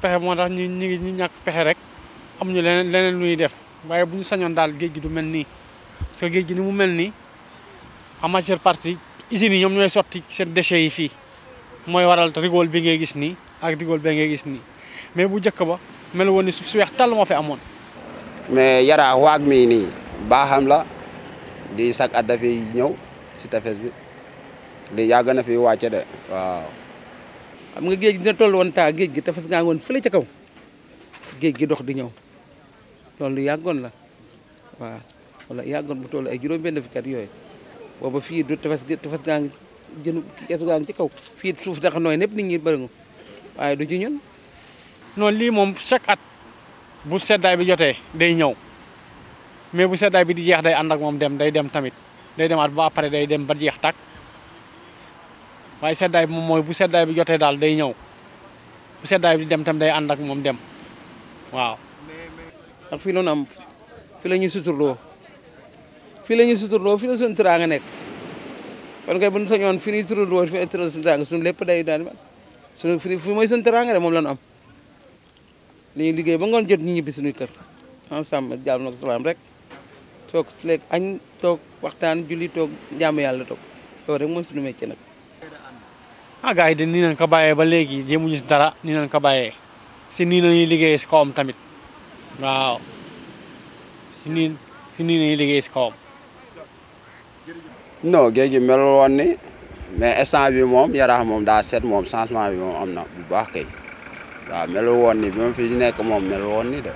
pexe moo tax ñi ñi ñi ñàkk pexe rek amuñu leneen leneen luy def waaye bu ñu sañoon daal géej gi du mel nii parce géej gi ni mu mel nii en majeure partie usines yi ñoom ñooy sotti seen déchets yi fii mooy waral rigole bi ngay gis nii ak rigole bi ngay gis nii mais bu njëkk ba mel woon ni suuf si weex tàll moo fi amoon. mais Yaraax waag mii nii baaxam la di sag at dafay ñëw si tefes bi di yàgg na fi wàcce de waaw. xam nga géej gi dina toll woon géej gi tefes ngaa ngoon fële ca kaw géej gi dox di ñëw loolu yàggoon la waaw wala yàggoon bu toll ay juróom-benn fukki at yooyu booba fii du tefes gi tefes ngaa ngi jënu keesu ngaa ci kaw fii suuf dafa nooy népp nit ñi bëri nga waaye du ci noonu lii moom caque at bu seddaay bi jotee day ñëw mais bu seddaay bi di jeex day ànd ak moom dem day dem tamit day demaat ba après day dem ba jeex takk waaye seddaay bi moom mooy bu seddaay bi jotee daal day ñëw bu seddaay bi dem tam day ànd ak moom dem waaw. ndax fii noonu am fi la ñuy fii la ñuy suturloo fii la suñu teraanga nekk kon kay bu fi ñuy suturloo fi la lépp day daal suñu fi fi mooy suñu moom la am. li ñuy liggéey ba ngoon jot ñi ñibbi suñuy kër ensemble jàmm nag salaam rek toog léegi añ toog waxtaan julli toog jàmm yàlla toog loolu rek mooy suñu métier nag. ah yi de nii nañ ko bàyyee ba léegi jéemuñu si dara nii nañ ko bàyyee si nii nañuy liggéey si kawam tamit waaw si nii si liggéey si kawam. non géej gi melul woon ni mais instant bi moom yaraax moom daa set moom changement bi moom am na baa baax waaw melul woon ni bi ma fi nekk moom melul woon ni de.